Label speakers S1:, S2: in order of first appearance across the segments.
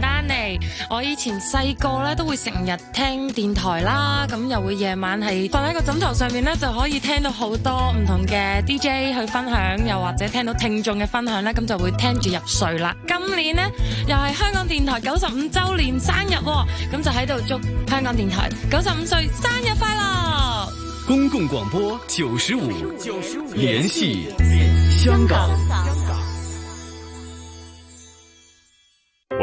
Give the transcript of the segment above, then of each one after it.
S1: 丹尼，我以前細個咧都會成日聽電台啦，咁又會夜晚係瞓喺個枕頭上面咧就可以聽到好多唔同嘅 DJ 去分享，又或者聽到聽眾嘅分享咧，咁就會聽住入睡啦。今年咧又係香港電台九十五周年生日，咁就喺度祝香港電台九十五歲生日快樂！
S2: 公共廣播九十五，聯繫
S1: 絕香港。香港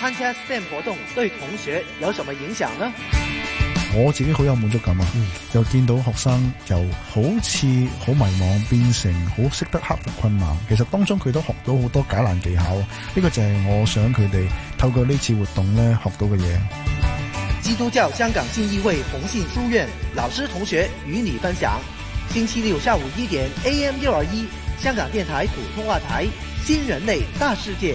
S2: 參加 STEM 活動對同學有什麼影響呢？
S3: 我自己好有滿足感啊，嗯、又見到學生由好似好迷茫變成好識得克服困難，其實當中佢都學到好多解難技巧，呢、這個就係我想佢哋透過呢次活動咧學到嘅嘢。
S2: 基督教香港信義會宏信書院老師同學與你分享，星期六下午一點 AM 六二一，香港電台普通話台《新人類大世界》。